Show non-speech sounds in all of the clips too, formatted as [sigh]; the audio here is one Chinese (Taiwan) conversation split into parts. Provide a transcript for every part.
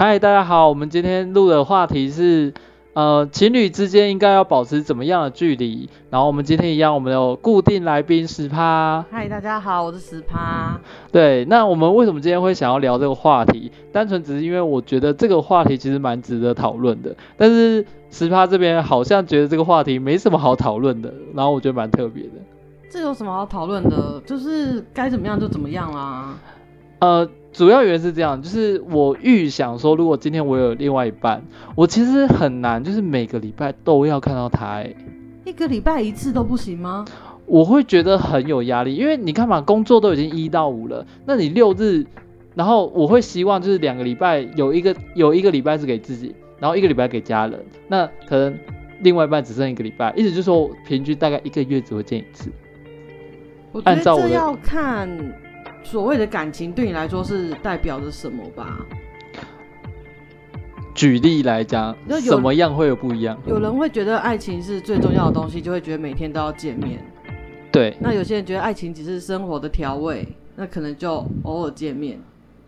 嗨，大家好，我們今天錄的話題是。呃，情侶之間應該要保持怎麼樣的距離？然後我們今天一樣，我們有固定來賓十趴。嗨，Hi, 大家好，我是十趴。對，那我們為什麼今天會想要聊這個話題？單純只是因為我覺得這個話題其實蠻值得討論的。但是十趴這邊好像覺得這個話題沒什麼好討論的，然後我覺得蠻特別的。這有什麼好討論的？就是該怎麼樣就怎麼樣啦，啊。呃，主要原因是這樣，就是我預想說，如果今天我有另外一半，我其實很難，就是每個禮拜都要看到他。欸，一個禮拜一次都不行嗎？我會覺得很有壓力，因為你看嘛，工作都已經一到五了，那你六日，然後我會希望就是兩個禮拜有一個有一個禮拜是給自己，然後一個禮拜給家人，那可能另外一半只剩一個禮拜，意思就是說平均大概一個月只會見一次。我覺得這要看。所謂的感情對你來說是代表着什麼吧？舉例來講，有什麼樣會有不一樣？有人會覺得愛情是最重要的東西，就會覺得每天都要見面。對，那有些人覺得愛情只是生活的調味，那可能就偶爾見面。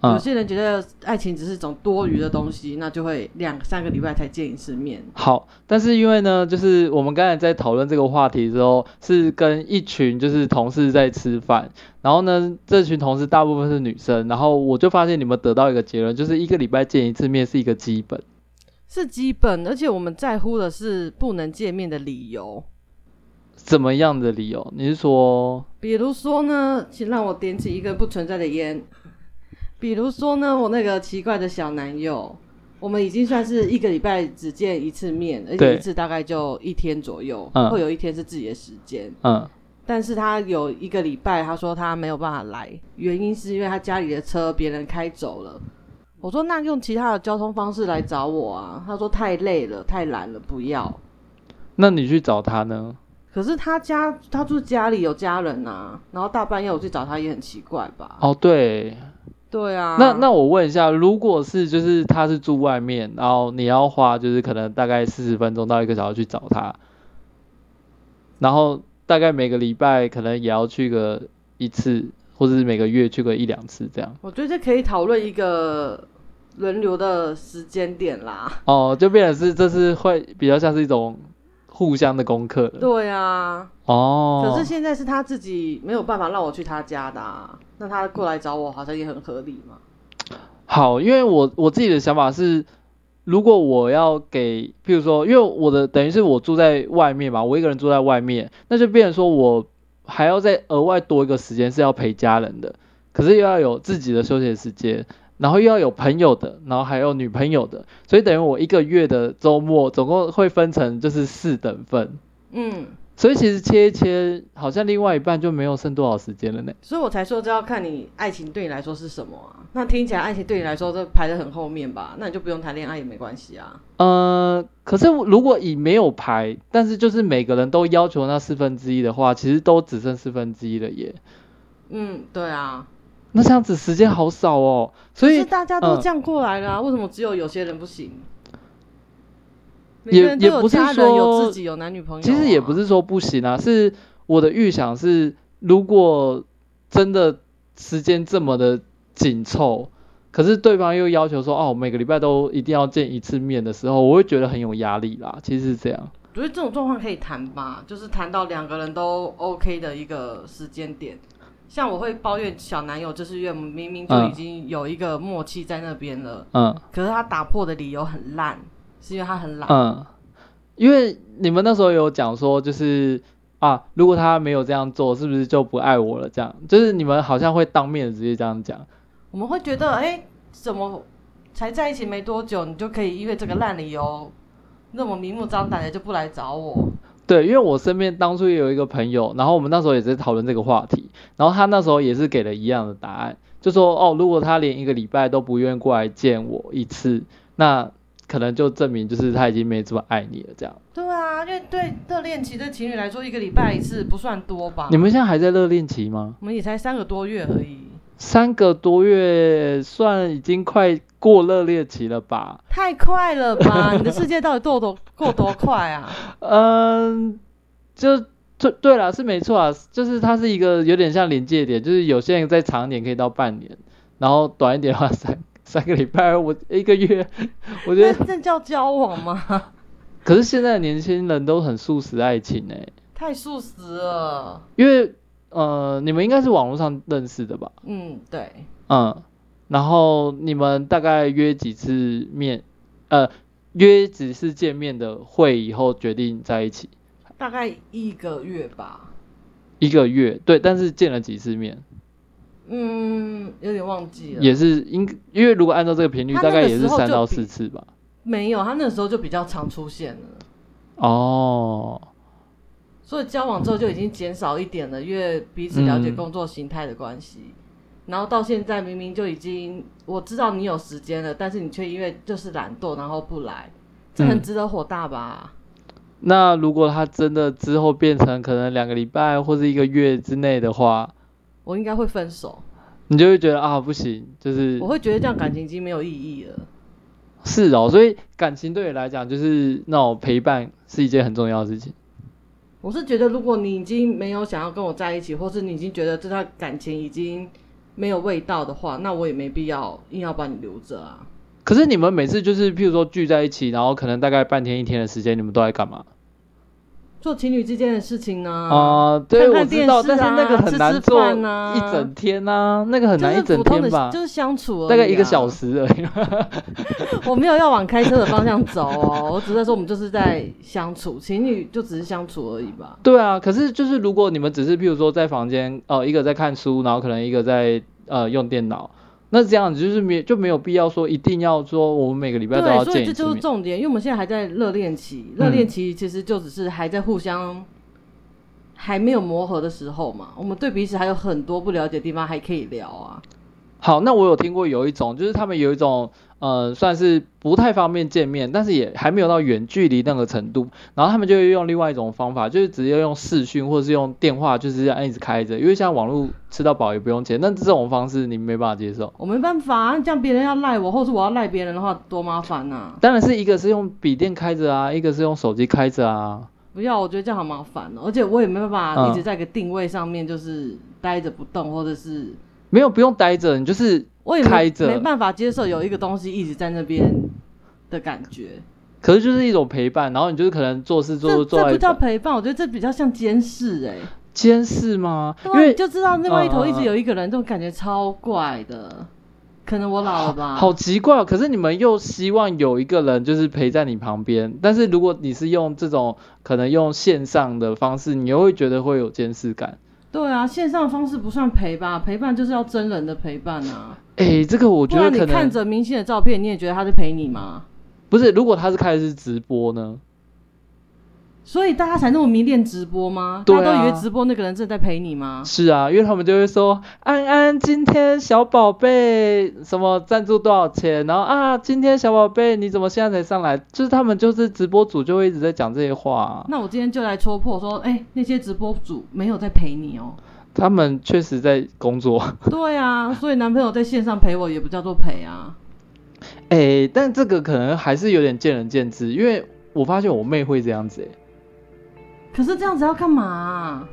嗯、有些人覺得愛情只是一種多餘的東西，嗯、那就會兩三個禮拜才見一次面。好，但是因為呢，就是我們剛才在討論這個話題的時候，是跟一群就是同事在吃飯，然後呢，這群同事大部分是女生，然後我就發現你們得到一個結論，就是一個禮拜見一次面是一個基本，是基本，而且我們在乎的是不能見面的理由，怎麼樣的理由？你是說，比如說呢，請讓我點起一個不存在的煙。比如說呢，我那個奇怪的小男友，我們已經算是一個禮拜只見一次面，對而且一次大概就一天左右，會、嗯、有一天是自己的時間。嗯，但是他有一個禮拜，他說他沒有辦法來，原因是因為他家裡的車別人開走了。我說那用其他的交通方式來找我啊，他說太累了，太懶了，不要。那你去找他呢？可是他家他住家裡有家人啊，然後大半夜我去找他也很奇怪吧？哦，對。對啊，那那我問一下，如果是就是他是住外面，然後你要花就是可能大概四十分鐘到一個小時去找他，然後大概每個禮拜可能也要去個一次，或者是每個月去個一兩次這樣。我覺得這可以討論一個輪流的時間點啦。哦，就變成是這是會比較像是一種。互相的功課，對啊，哦，oh. 可是現在是他自己沒有辦法讓我去他家的啊，那他過來找我好像也很合理嘛。好，因為我我自己的想法是，如果我要給，譬如說，因為我的等於是我住在外面嘛，我一個人住在外面，那就變成說我還要再額外多一個時間是要陪家人的，可是又要有自己的休息時間。然後又要有朋友的，然後還有女朋友的，所以等於我一個月的周末總共會分成就是四等份，嗯，所以其實切一切，好像另外一半就沒有剩多少時間了呢。所以我才說這要看你愛情對你來說是什麼啊，那聽起來愛情對你來說這排得很後面吧？那你就不用談戀愛也沒關係啊。呃，可是如果以沒有排，但是就是每個人都要求那四分之一的話，其實都只剩四分之一了耶。嗯，對啊。那這樣子時間好少哦，所以大家都這樣過來啦、啊。嗯、為什麼只有有些人不行？也也不是說有自己有男女朋友、啊，其實也不是說不行啊。是我的預想是，如果真的時間這麼的緊湊，可是對方又要求說哦，啊、每個禮拜都一定要見一次面的時候，我會覺得很有壓力啦。其實是這樣，我覺得這種狀況可以談吧，就是談到兩個人都 OK 的一個時間點。像我會抱怨小男友，就是因為明明就已經有一個默契在那邊了，嗯，可是他打破的理由很爛，是因為他很懶。嗯，因為你們那時候有講說，就是啊，如果他沒有這樣做，是不是就不愛我了？這樣，就是你們好像會當面直接這樣講。我們會覺得，哎、欸，怎麼才在一起沒多久，你就可以因為這個爛理由，那麼明目張膽的就不來找我？對，因為我身邊當初也有一個朋友，然後我們那時候也在討論這個話題，然後他那時候也是給了一樣的答案，就說哦，如果他連一個禮拜都不願意過來見我一次，那可能就證明就是他已經沒這麼愛你了，這樣。對啊，因為對熱戀期的情侶來說，一個禮拜一次不算多吧？你們現在還在熱戀期嗎？我們也才三個多月而已。三個多月，算已經快過熱戀期了吧？太快了吧！你的世界到底過多，多 [laughs] 過多快啊？嗯，就就對了，是沒錯啊，就是它是一個有點像臨界點，就是有些人再長一點可以到半年，然後短一點的話三三個禮拜，我、欸、一個月，我覺得那叫交往嗎？可是現在的年輕人都很速食愛情哎、欸，太速食了，因為。呃，你們應該是網絡上認識的吧？嗯，對。嗯，然後你們大概約幾次面，呃，約幾次見面的會以後決定在一起？大概一個月吧。一個月，對，但是見了幾次面？嗯，有點忘記了。也是因，應因為如果按照這個頻率，大概也是三到四次吧。沒有，他那個時候就比較常出現了。嗯、哦。所以交往之後就已經減少一點了，因為彼此了解工作型態的關係。嗯、然後到現在明明就已經我知道你有時間了，但是你卻因為就是懶惰然後不來，這很值得火大吧？嗯、那如果他真的之後變成可能兩個禮拜或是一個月之內的話，我應該會分手。你就會覺得啊，不行，就是我會覺得這樣感情已經沒有意義了。是哦，所以感情對你來講就是那種陪伴是一件很重要的事情。我是覺得，如果你已經沒有想要跟我在一起，或是你已經覺得這段感情已經沒有味道的話，那我也沒必要硬要把你留着啊。可是你們每次就是，譬如說聚在一起，然後可能大概半天、一天的時間，你們都在幹嘛？做情侶之間的事情呢、啊？啊、呃，對，看看電啊、我知道，但是那個很難做啊，一整天呢、啊，吃吃飯啊、那個很難一整天吧，就是相處，大概一個小時而已、啊。 [laughs] 我沒有要往開車的方向走哦， [laughs] 我只是在說我們就是在相處， [laughs] 情侶就只是相處而已吧。對啊，可是就是如果你們只是，譬如說在房間哦、呃，一個在看書，然後可能一個在呃用電腦。那這樣子就是沒就沒有必要說一定要說我們每個禮拜都要見面。對，所以這就是重點因為我們現在還在熱戀期，熱戀期、嗯、其實就只是還在互相還沒有磨合的時候嘛，我們對彼此還有很多不了解的地方，還可以聊啊。好，那我有聽過有一種，就是他們有一種，呃，算是不太方便見面，但是也還沒有到遠距離那個程度。然後他們就會用另外一種方法，就是直接用視訊或是用電話，就是這樣一直開着。因為現在網絡吃到飽也不用錢，那這種方式你沒辦法接受？我沒辦法啊，這樣別人要賴我，或者是我要賴別人的話，多麻煩啊！當然是一個是用筆電開着啊，一個是用手機開着啊。不要，我覺得這樣好麻煩、喔，而且我也沒辦法一直、嗯、在一個定位上面就是呆着不動，或者是。沒有不用待着，你就是開着，我沒辦法接受有一個東西一直在那邊的感覺。可是就是一種陪伴，然後你就是可能做事做就做做。這這不叫陪伴，我覺得這比較像監視哎、欸，監視嗎？對吧？因為就知道那邊一頭一直有一個人，嗯、這種感覺超怪的，可能我老了吧？好奇怪、哦，可是你們又希望有一個人就是陪在你旁邊，但是如果你是用這種可能用線上的方式，你又會覺得會有監視感。對啊，線上的方式不算陪吧？陪伴就是要真人的陪伴啊！哎、欸，這個我覺得可能，不然你看着明星的照片，你也覺得他是陪你嗎？不是，如果他是開的是直播呢？所以大家才那麼迷戀直播嗎？對啊，大家都以為直播那個人正在陪你嗎？是啊，因為他們就會說：“安安，今天小寶貝什麼贊助多少錢？”然後啊，今天小寶貝你怎麼現在才上來？就是他們就是直播主就會一直在講這些話，啊。那我今天就來戳破說，哎，欸，那些直播主沒有在陪你哦，喔。他們確實在工作。對啊，所以男朋友在線上陪我也不叫做陪啊。哎 [laughs] 欸，但這個可能還是有點見仁見智，因為我發現我妹會這樣子，欸可是這樣子要幹嘛、啊？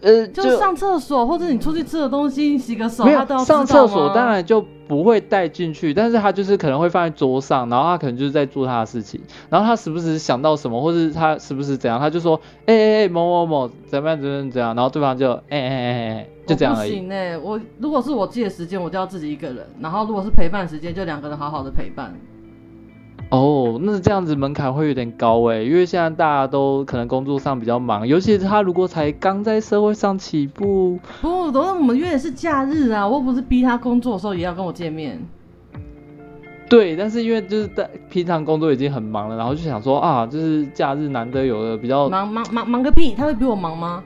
呃，就，就上廁所，或者你出去吃的東西，洗個手，有他都要上廁所，當然就不會帶進去。但是他就是可能會放在桌上，然後他可能就是在做他的事情，然後他時不時想到什麼，或是他時不時怎樣，他就說：“哎哎哎，某某某，怎樣怎樣怎樣。”然後對方就：“哎哎哎哎，就這樣而已。”不行、欸、我如果是我自己的時間，我就要自己一個人；然後如果是陪伴時間，就兩個人好好的陪伴。哦，oh, 那這樣子門檻會有點高哎，因為現在大家都可能工作上比較忙，尤其是，他如果才剛在社會上起步，不，我都說我們約的是假日啊，我又不是逼他工作的時候也要跟我見面。對，但是因為就是在平常工作已經很忙了，然後就想說啊，就是假日難得有的比較忙，忙忙忙個屁，他會比我忙嗎？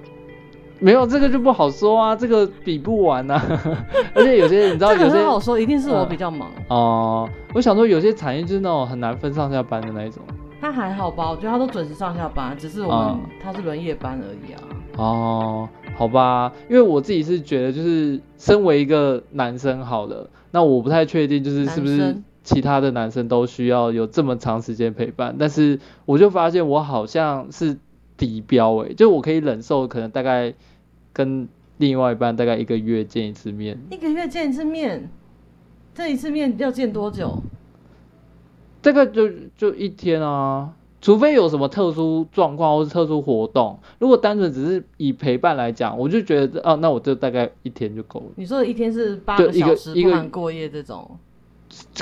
沒有這個就不好說啊，這個比不完啊， [laughs] 而且有些你知道 [laughs] 好有些，我說一定是我比較忙哦、嗯嗯。我想說有些產業就是那種很難分上下班的那一種。他還好吧，我覺得他都準時上下班，只是我們他是輪夜班而已啊。哦、嗯嗯，好吧，因為我自己是覺得就是身為一個男生好了，那我不太確定就是是不是其他的男生都需要有這麼長時間陪伴，但是我就發現我好像是低標，哎、欸，就我可以忍受可能大概。跟另外一半大概一個月見一次面，一個月見一次面，這一次面要見多久？嗯、這個就就一天啊，除非有什麼特殊狀況或是特殊活動。如果單純只是以陪伴來講，我就覺得啊，那我就大概一天就夠了。你說的一天是八個小時，一個過夜這種。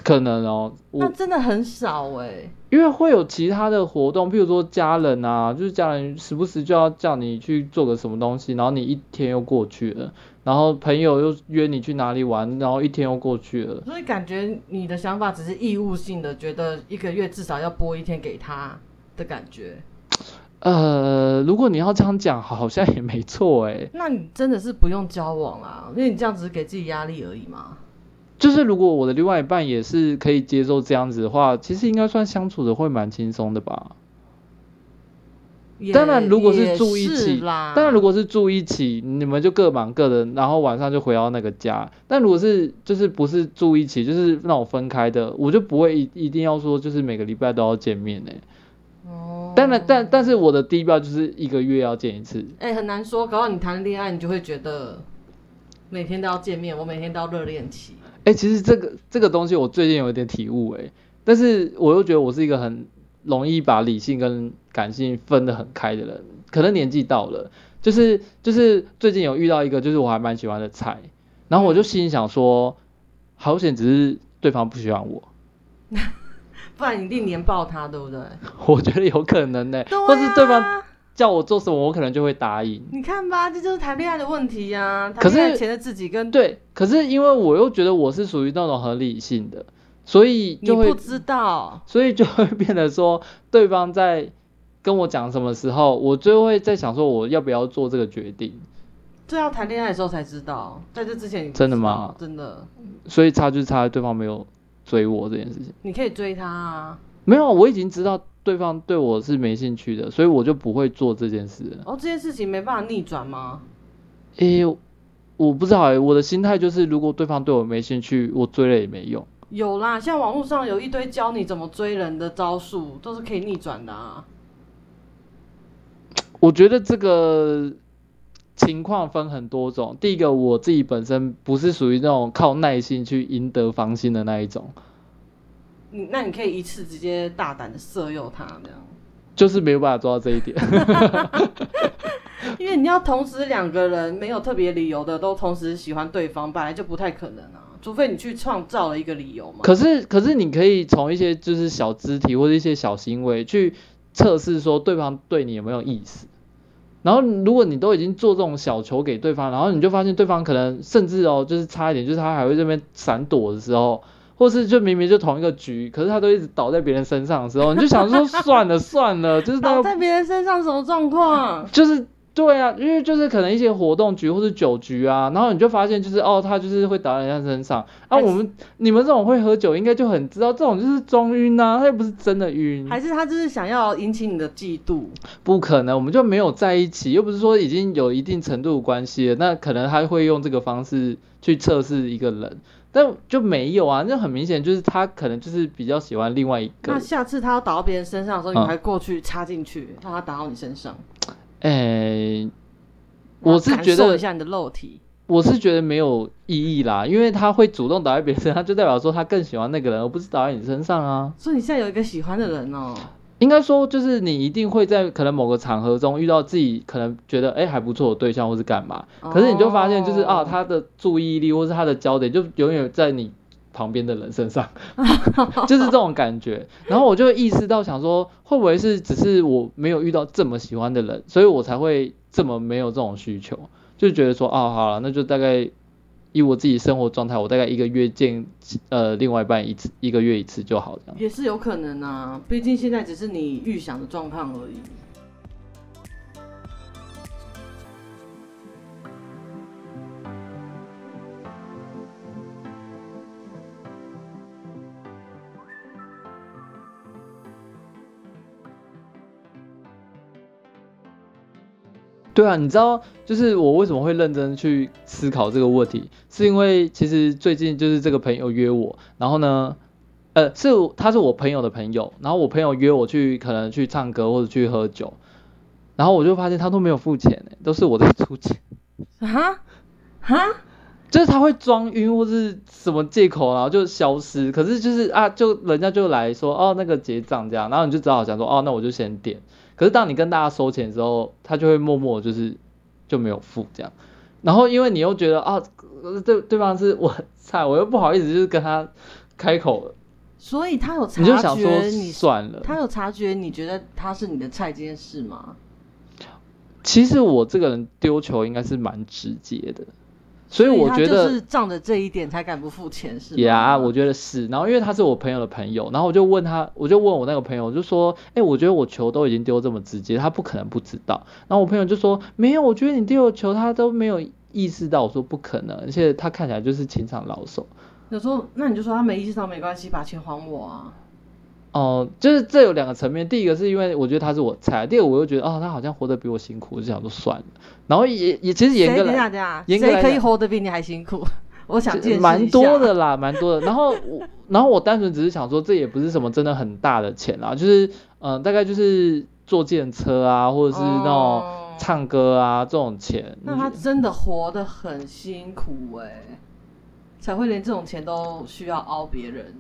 可能哦，那真的很少欸。因為會有其他的活動，譬如說家人啊，就是家人時不時就要叫你去做個什麼東西，然後你一天又過去了，然後朋友又約你去哪裡玩，然後一天又過去了，所以感覺你的想法只是義務性的，覺得一個月至少要播一天給他的感覺。呃，如果你要這樣講，好像也沒錯欸。那你真的是不用交往啊，因為你這樣子給自己壓力而已嘛。就是如果我的另外一半也是可以接受這樣子的話，其實應該算相處的會蠻輕鬆的吧。也 當然，如果是住一起，當然如果是住一起，你們就各忙各的，然後晚上就回到那個家。但如果是就是不是住一起，就是那種分開的，我就不會一一定要說就是每個禮拜都要見面呢、欸。哦。但但但是我的低標就是一個月要見一次。哎、欸，很難說。搞不好你談戀愛，你就會覺得每天都要見面，我每天都要熱戀期。哎、欸，其實這個這個東西我最近有一點體悟哎、欸，但是我又覺得我是一個很容易把理性跟感性分得很開的人，可能年紀到了，就是就是最近有遇到一個就是我還蠻喜歡的菜，然後我就心想說，好險只是對方不喜歡我， [laughs] 不然你一定連爆他，對不對？我覺得有可能呢、欸，啊、或是對方。叫我做什麼，我可能就會答應。你看吧，這就是談戀愛的問題呀、啊。談戀愛前的自己跟對，可是因為我又覺得我是屬於那種很理性的，所以就會你不知道，所以就會變得說，對方在跟我講什麼時候，我就會在想說，我要不要做這個決定？最要談戀愛的時候才知道，在這之前你知道真的嗎？真的，所以差就差在對方沒有追我這件事情。你可以追他啊，沒有，我已經知道。對方對我是沒興趣的，所以我就不會做這件事。哦，這件事情沒辦法逆轉嗎？哎，欸，我不知道，欸。我的心態就是，如果對方對我沒興趣，我追了也沒用。有啦，像網絡上有一堆教你怎麼追人的招數，都是可以逆轉的啊。我覺得這個情況分很多種。第一個，我自己本身不是屬於那種靠耐心去贏得芳心的那一種。那你可以一次直接大膽的色誘他，這樣就是沒有辦法做到這一點， [laughs] [laughs] 因為你要同時兩個人沒有特別理由的都同時喜歡對方，本來就不太可能啊，除非你去創造了一個理由嘛。可是，可是你可以從一些就是小肢體或者一些小行為去測試說對方對你有沒有意思，然後如果你都已經做這種小球給對方，然後你就發現對方可能甚至哦、喔，就是差一點，就是他還會這邊閃躲的時候。或是就明明就同一個局，可是他都一直倒在別人身上的時候，你就想說算了 [laughs] 算了，就是倒在別人身上什麼狀況？就是對啊，因為就是可能一些活動局或是酒局啊，然後你就發現就是哦，他就是會倒在人家身上啊。我們是你們這種會喝酒，應該就很知道這種就是裝暈啊，他又不是真的暈。還是他就是想要引起你的嫉妒？不可能，我們就沒有在一起，又不是說已經有一定程度的關係了。那可能他會用這個方式去測試一個人。但就沒有啊，那很明顯就是他可能就是比較喜歡另外一個。那下次他要打到別人身上的時候，啊、你還過去插進去，讓他打到你身上？誒、欸，我是覺得一下你的肉體，我是覺得沒有意義啦，嗯、因為他會主動打在別人身上，就代表說他更喜歡那個人，而不是打在你身上啊。所以你現在有一個喜歡的人哦、喔。應該說，就是你一定會在可能某個場合中遇到自己可能覺得哎、欸、還不錯的對象，或是幹嘛。可是你就發現，就是、oh. 啊，他的注意力或是他的焦點就永遠在你旁邊的人身上， [laughs] 就是這種感覺。然後我就意識到，想說會不會是只是我沒有遇到這麼喜歡的人，所以我才會這麼沒有這種需求，就覺得說哦、啊，好了，那就大概。以我自己生活狀態，我大概一個月見呃另外一半一次，一個月一次就好了，這樣也是有可能啊。畢竟現在只是你預想的狀況而已。對啊，你知道就是我為什麼會認真去思考這個問題，是因為其實最近就是這個朋友約我，然後呢，呃，是他是我朋友的朋友，然後我朋友約我去可能去唱歌或者去喝酒，然後我就發現他都沒有付錢，都是我在出錢。啊？啊？就是他會裝暈或者什麼借口，然後就消失，可是就是啊，就人家就來說哦，那個結賬這樣，然後你就只好講說哦，那我就先點。可是當你跟大家收錢的時候，他就會默默的就是就沒有付這樣。然後因為你又覺得啊，對對方是我的菜，我又不好意思就是跟他開口了。所以他有察覺，你就想說算了你。他有察覺你覺得他是你的菜這件事嗎？其實我這個人丟球應該是蠻直接的。所以我覺得仗着這一點才敢不付錢 yeah, 是吧？我覺得是。然後因為他是我朋友的朋友，然後我就問他，我就問我那個朋友，我就說，哎、欸，我覺得我球都已經丟這麼直接，他不可能不知道。然後我朋友就說，沒有，我覺得你丟球他都沒有意識到。我說不可能，而且他看起來就是情場老手。有時候，那你就說他沒意識到沒關係，把錢還我啊。哦、嗯，就是這有兩個層面。第一個是因為我覺得他是我菜，第二個我又覺得哦，他好像活得比我辛苦，我就想說算了。然後也也其實嚴格來講，嚴格來可以活得比你還辛苦，我想蠻多的啦，蠻多的。然後， [laughs] 然，後我然後我單純只是想說，這也不是什麼真的很大的錢啦，就是嗯、呃，大概就是坐計程車啊，或者是那種唱歌啊、嗯、這種錢。那他真的活得很辛苦誒、欸，嗯、才會連這種錢都需要凹別人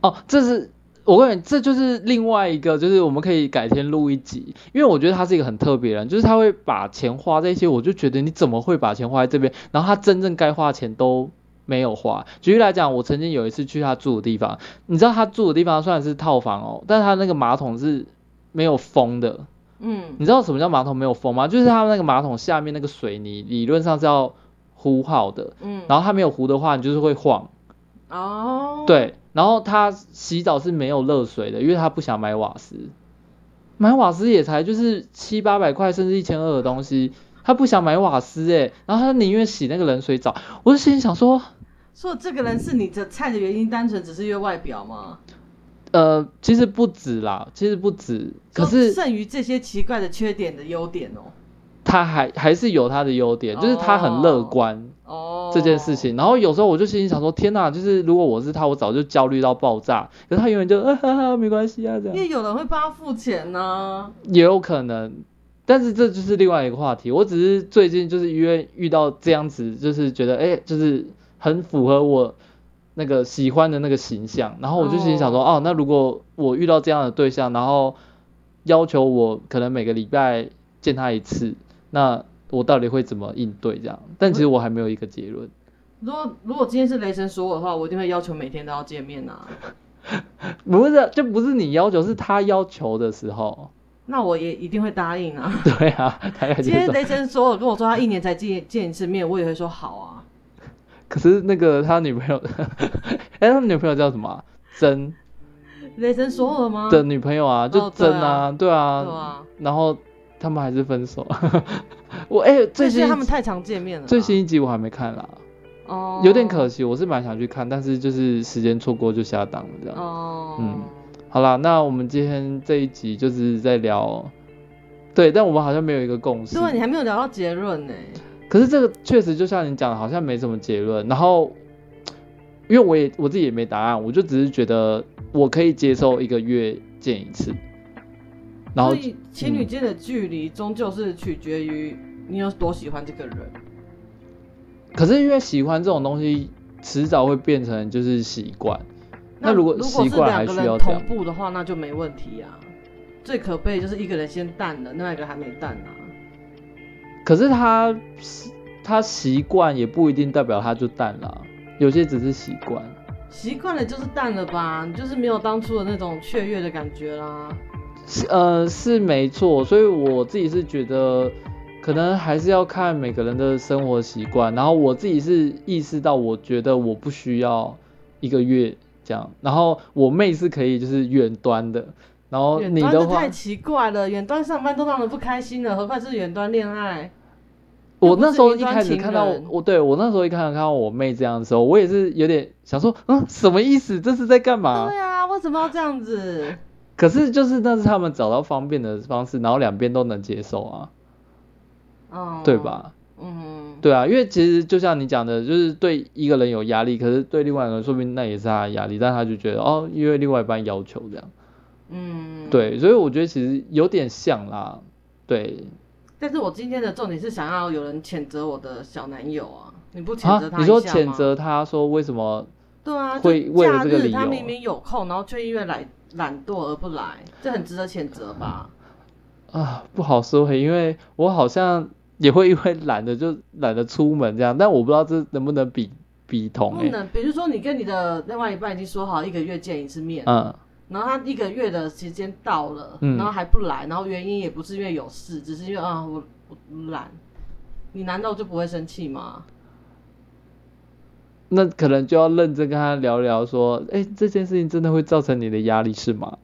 哦、嗯，這是。我跟你，這就是另外一個，就是我們可以改天錄一集，因為我覺得他是一個很特別的人，就是他會把錢花在一些，我就覺得你怎麼會把錢花在這邊？然後他真正該花錢都沒有花。舉例來講，我曾經有一次去他住的地方，你知道他住的地方雖然是套房哦、喔，但他那個馬桶是沒有封的。嗯，你知道什麼叫馬桶沒有封嗎？就是他那個馬桶下面那個水泥理論上是要糊好的，嗯，然後他沒有糊的話，你就是會晃。哦，對。然後他洗澡是沒有熱水的，因為他不想買瓦斯，買瓦斯也才就是七八百塊甚至一千二的東西，他不想買瓦斯哎、欸，然後他寧願洗那個冷水澡，我就心想說，說這個人是你的菜的原因單純只是因為外表嗎？呃，其實不止啦，其實不止，可是剩餘這些奇怪的缺點的優點哦，他還還是有他的優點，就是他很樂觀。Oh. 這件事情，然後有時候我就心，心想說，天吶，就是如果我是他，我早就焦慮到爆炸。可是他永遠就，啊、哈哈，沒關係啊，這樣。因為有人會幫他付錢呢、啊。也有可能，但是這就是另外一個話題。我只是最近就是因為遇到這樣子，就是覺得，哎，就是很符合我那個喜歡的那個形象。然後我就心想說，哦、啊，那如果我遇到這樣的對象，然後要求我可能每個禮拜見他一次，那。我到底會怎麼應對這樣？但其實我還沒有一個結論。如果如果今天是雷神索爾的話，我一定會要求每天都要見面吶、啊。 [laughs] 不是、啊，這不是你要求，是他要求的時候。那我也一定會答應啊。對啊，他今天雷神索爾跟我 [laughs] 如果說他一年才見見一次面，我也會說好啊。 [laughs] 可是那個他女朋友， [laughs] 哎、欸，他女朋友叫什麼、啊？珍雷神索爾的嗎？的女朋友啊，就珍啊、哦，對啊，對啊，對啊然後。他們還是分手， [laughs] 我哎、欸，最近他們太常見面了，最新一集我還沒看啦，哦，oh. 有點可惜，我是蠻想去看，但是就是時間錯過就下檔了這樣哦，oh. 嗯，好啦，那我們今天這一集就是在聊，對，但我們好像沒有一個共識。是不是你還沒有聊到結論呢、欸。可是這個確實就像你講的，好像沒什麼結論。然後，因為我也我自己也沒答案，我就只是覺得我可以接受一個月見一次。Okay. 所以情侶間的距離終究是取決於你有多喜歡這個人。可是因為喜歡這種東西，遲早會變成就是習慣。那如果習慣了還需要，如果是兩個人同步的話，那就沒問題啊。最可悲就是一個人先淡了，另外一個人還沒淡啊。可是他他習慣也不一定代表他就淡了，有些只是習慣。習慣了就是淡了吧，就是沒有當初的那種雀躍的感覺啦。是呃，是沒錯，所以我自己是覺得，可能還是要看每個人的生活習慣。然後我自己是意識到，我覺得我不需要一個月這樣。然後我妹是可以就是遠端的，然後你的話是太奇怪了，遠端上班都讓人不開心了，何況是遠端戀愛。我那時候一開始看到我，我對我那時候一開始看到我妹這樣的時候，我也是有點想說，嗯，什麼意思？這是在幹嘛？對啊，為什麼要這樣子？可是就是，那是他們找到方便的方式，然後兩邊都能接受啊，嗯、對吧？嗯哼，對啊，因為其實就像你講的，就是對一個人有壓力，可是對另外一個人，說不定那也是他的壓力，嗯、但他就覺得哦，因為另外一半要求這樣，嗯，對，所以我覺得其實有點像啦，對。但是我今天的重點是想要有人譴責我的小男友啊，你不譴責他。啊，你說譴責他說為什麼？對啊，會為了這個理由，他明明有空，然後卻因為來。懶惰而不來，這很值得譴責吧？啊，不好說，因為我好像也會因為懶得就懶得出門這樣，但我不知道這能不能比比同，欸。不能，比如說你跟你的另外一半已經說好一個月見一次面，嗯，然後他一個月的時間到了，然後還不來，嗯，然後原因也不是因為有事，只是因為啊，我我懶，你難道就不會生氣嗎？那可能就要認真跟他聊聊，說，哎、欸，這件事情真的會造成你的壓力是嗎？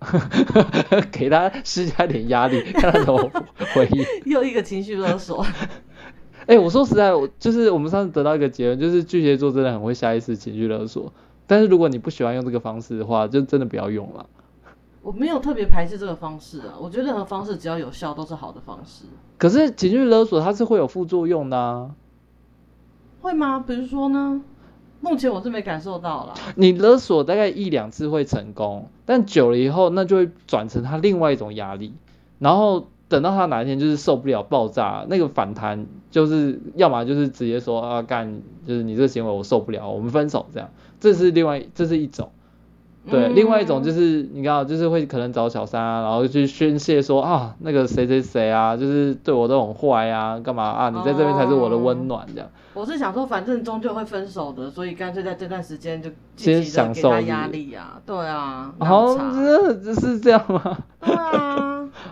[laughs] 給他施加點壓力，看他怎麼回應。 [laughs] 又一個情緒勒索。哎、欸，我說實在，我就是我們上次得到一個結論，就是巨蟹座真的很會下意識情緒勒索。但是如果你不喜歡用這個方式的話，就真的不要用了。我沒有特別排斥這個方式啊，我覺得任何方式只要有效都是好的方式。可是情緒勒索它是會有副作用的啊。會嗎？比如說呢？目前我是沒感受到啦。你勒索大概一兩次會成功，但久了以後，那就會轉成他另外一種壓力。然後等到他哪一天就是受不了爆炸，那個反彈就是要麼就是直接說啊幹，就是你這個行為我受不了，我們分手這樣。這是另外，這是一種。對，另外一種就是，嗯、你知道，就是會可能找小三啊，然後去宣洩說啊，那個誰誰誰啊，就是對我都很壞啊，幹嘛啊？你在這邊才是我的溫暖這樣、哦。我是想說，反正終究會分手的，所以乾脆在這段時間就先享受壓力啊，對啊。然後、哦、這是這樣嗎？啊。 [laughs]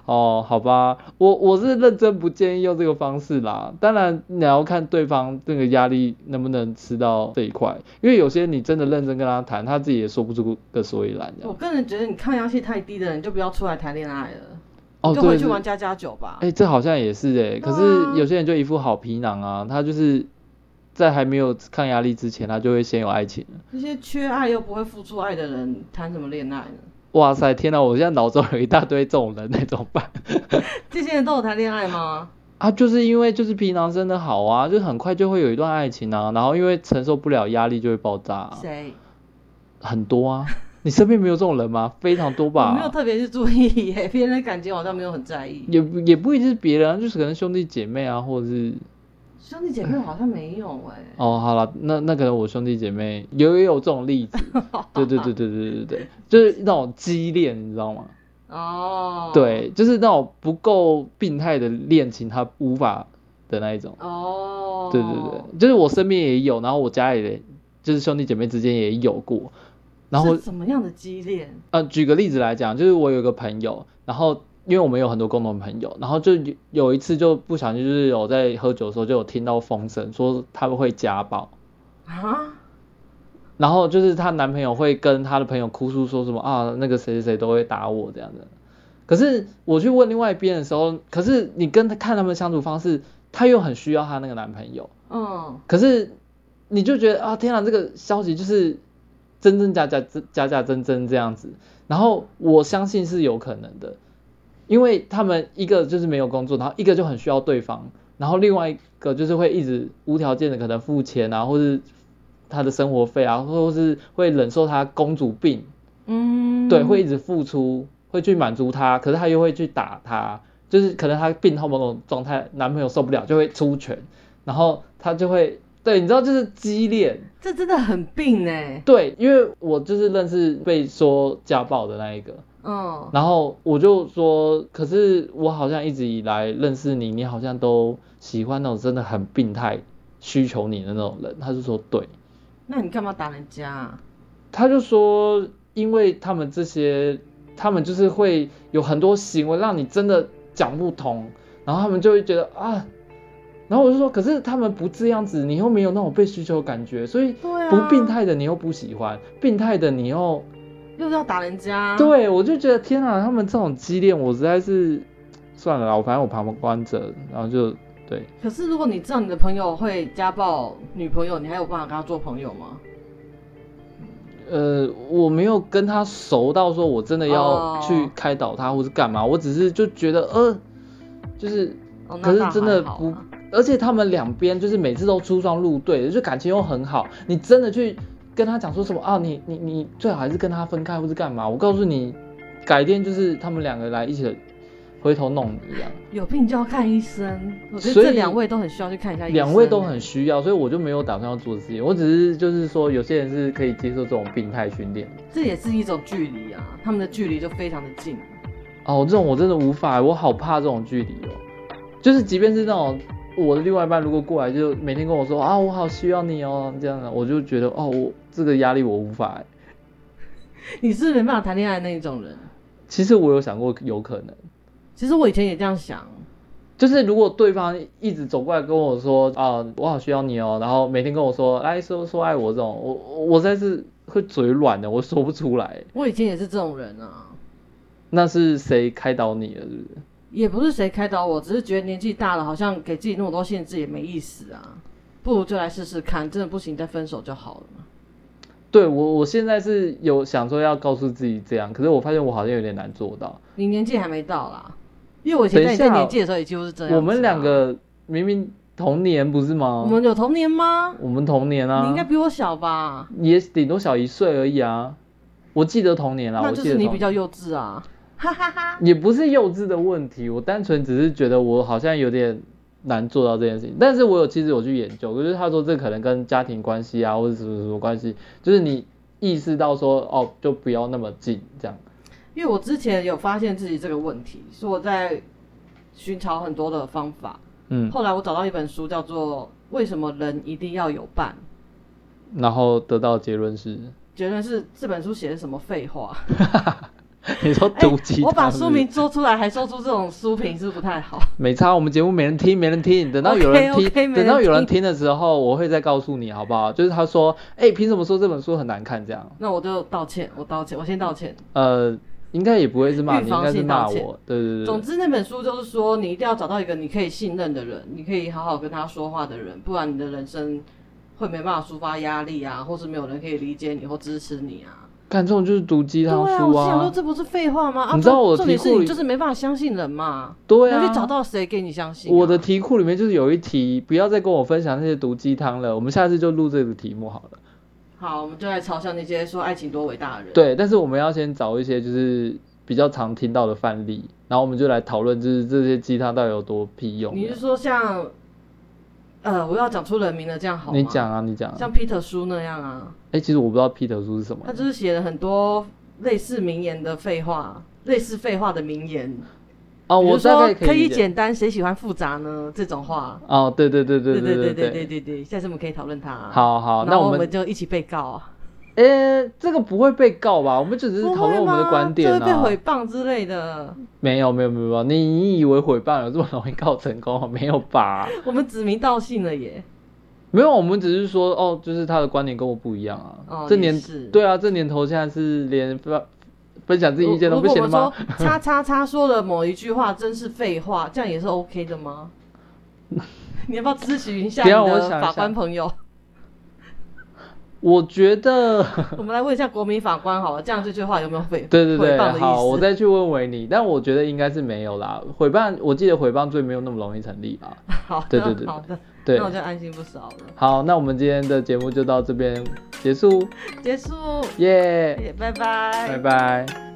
哦，好吧，我我是認真不建議用這個方式啦。當然你要看對方這個壓力能不能吃到這一塊，因為有些人你真的認真跟他談，他自己也說不出個所以然。我個人覺得你抗壓性太低的人就不要出來談戀愛了，哦、就回去玩家家酒吧。哎、欸，這好像也是哎、欸，啊、可是有些人就一副好皮囊啊，他就是在還沒有抗壓力之前，他就會先有愛情。那些缺愛又不會付出愛的人，談什麼戀愛呢？哇塞！天啊，我現在腦中有一大堆這種人，那怎麼辦？ [laughs] 這些人都有談戀愛嗎？啊，就是因為就是皮囊真的好啊，就很快就會有一段愛情啊，然後因為承受不了壓力就會爆炸。誰誰？很多啊！你身邊沒有這種人嗎？ [laughs] 非常多吧？沒有特別去注意耶，別人的感情好像沒有很在意。也也不一定是別人啊，就是可能兄弟姐妹啊，或者是。兄弟姐妹好像沒有哎、欸。哦，好了，那那可能我兄弟姐妹有也有這種例子， [laughs] 對對對對對對對，就是那種畸戀，你知道嗎？哦。Oh. 對，就是那種不夠病態的戀情，他無法的那一種。哦。Oh. 對對對，就是我身邊也有，然後我家裡的就是兄弟姐妹之間也有過。然後什麼樣的畸戀？呃，舉個例子來講，就是我有一個朋友，然後。因為我們有很多共同朋友，然後就有一次就不小心，就是有在喝酒的時候就有聽到風聲，說他們會家暴啊，然後就是她男朋友會跟她的朋友哭訴說什麼啊，那個誰誰誰都會打我這樣子。可是我去問另外一邊的時候，可是你跟他看他們的相處方式，他又很需要他那個男朋友，嗯，可是你就覺得啊，天哪，這個消息就是真真假假、假假真真這樣子，然後我相信是有可能的。因為他們一個就是沒有工作，然後一個就很需要對方，然後另外一個就是會一直無條件的可能付錢啊，或是他的生活費啊，或者是會忍受他公主病，嗯，對，會一直付出，會去滿足他，可是他又會去打他，就是可能他病後某種狀態，男朋友受不了就會出拳，然後他就會，對，你知道就是激烈，這真的很病誒。對，因為我就是認識被說家暴的那一個。嗯，然後我就說，可是我好像一直以來認識你，你好像都喜歡那種真的很病態、需求你的那種人。他就說對。那你幹嘛打人家啊？他就說，因為他們這些，他們就是會有很多行為讓你真的講不通，然後他們就會覺得啊。然後我就說，可是他們不這樣子，你又沒有那種被需求感覺，所以不病態的你又不喜歡，啊，病態的你又。又是要打人家，對我就覺得天啊，他們這種激烈，我實在是算了啦。我反正我旁觀者，然後就對。可是如果你知道你的朋友會家暴女朋友，你還有辦法跟她做朋友嗎？呃，我沒有跟她熟到說我真的要去開導她，或是幹嘛，oh. 我只是就覺得呃，就是，oh, 可是真的不，啊、而且他們兩邊就是每次都出雙入對，就感情又很好，你真的去。跟他講說什麼啊？你你你最好還是跟他分開，或是幹嘛？我告訴你，改天就是他們兩個來一起回頭弄你一樣。有病就要看醫生，我覺得這兩位都很需要去看一下醫生。兩位都很需要，所以我就沒有打算要做這些。我只是就是說，有些人是可以接受這種病態訓練。這也是一種距離啊，他們的距離就非常的近。哦，這種我真的無法，我好怕這種距離哦。就是即便是那種我的另外一半如果過來，就每天跟我說啊，我好需要你哦，這樣子我就覺得哦，我。這個壓力我無法。你是不是沒辦法談戀愛的那一種人？其實我有想過有可能，其實我以前也這樣想，就是如果對方一直走過來跟我說啊，我好需要你哦，然後每天跟我說，哎，說說愛我這種，我我實在是會嘴軟的，我說不出來。我以前也是這種人啊。那是誰開導你了是不是？也不是誰開導我，只是覺得年紀大了，好像給自己那麼多限制也沒意思啊，不如就來試試看，真的不行再分手就好了嘛。對我，我現在是有想說要告訴自己這樣，可是我發現我好像有點難做到。你年紀還沒到啦，因為我以前在你年紀的時候也幾乎是這樣。我們兩個明明同年不是嗎？我們有同年嗎？我們同年啊，你應該比我小吧？也頂多小一歲而已啊。我記得童年啦，那就是你比較幼稚啊，哈哈哈。 [laughs] 也不是幼稚的問題，我單純只是覺得我好像有點。難做到這件事情，但是我有其實有去研究，就是他說這可能跟家庭關係啊，或者什麼什麼關係，就是你意識到說哦，就不要那麼近這樣。因為我之前有發現自己這個問題，是我在尋找很多的方法，嗯，後來我找到一本書叫做《為什麼人一定要有伴》，然後得到結論是，結論是這本書寫的什麼廢話。 [laughs] 你說讀幾、欸？我把書名說出來，還說出這種書評是不是不太好。沒差，我們節目沒人聽，沒人聽。等到有人聽，等到有人聽的時候，我會再告訴你，好不好？就是他說，哎、欸，憑什麼說這本書很難看這樣？那我就道歉，我道歉，我先道歉。呃，應該也不會是罵你，應該是罵我。對對對。總之那本書就是說，你一定要找到一個你可以信任的人，你可以好好跟他說話的人，不然你的人生會沒辦法抒發壓力啊，或是沒有人可以理解你或支持你啊。看，這種就是毒雞湯書啊！啊我想說，這不是廢話嗎？啊、你知道我的題庫裡，裡是就是沒辦法相信人嘛。對啊，你去找到誰給你相信、啊？我的題庫裡面就是有一題，不要再跟我分享那些毒雞湯了。我們下次就錄這個題目好了。好，我們就來嘲笑那些說愛情多偉大的人。對，但是我們要先找一些就是比較常聽到的範例，然後我們就來討論，就是這些雞湯到底有多屁用、啊？你是說像？呃，我要講出人名的，這樣好嗎？你講啊，你講啊，像 Peter 叔那樣啊。哎、欸，其實我不知道 Peter 叔是什麼。他就是寫了很多類似名言的廢話，類似廢話的名言。哦，我說可以簡單。誰喜歡複雜呢？這種話。哦，對對對對對對對對對對，下次我們可以討論他啊。好好，那我們就一起被告啊。哎、欸，這個不會被告吧？我們只是討論我們的觀點啊。對毀謗之類的？沒有沒有沒有，你以為毀謗有這麼容易告成功沒有吧？ [laughs] 我們指名道姓了耶。沒有，我們只是說哦，就是他的觀點跟我不一樣啊。嗯、這年是對啊，這年頭現在是連分享自己意見都不行了嗎？如果我說“叉叉叉”說的某一句話真是廢話，這樣也是 OK 的嗎？ [laughs] 你要不要諮詢一下你的法官朋友？我覺得，我們來問一下國民法官好了，這樣這句話有沒有誹謗？對對對，好，我再去問問你，但我覺得應該是沒有啦，誹謗，我記得誹謗罪沒有那麼容易成立吧？啊？好，對，對對對，好的，對，那我就安心不少了。好，那我們今天的節目就到這邊結束，結束，耶，Yeah, 拜拜，拜拜。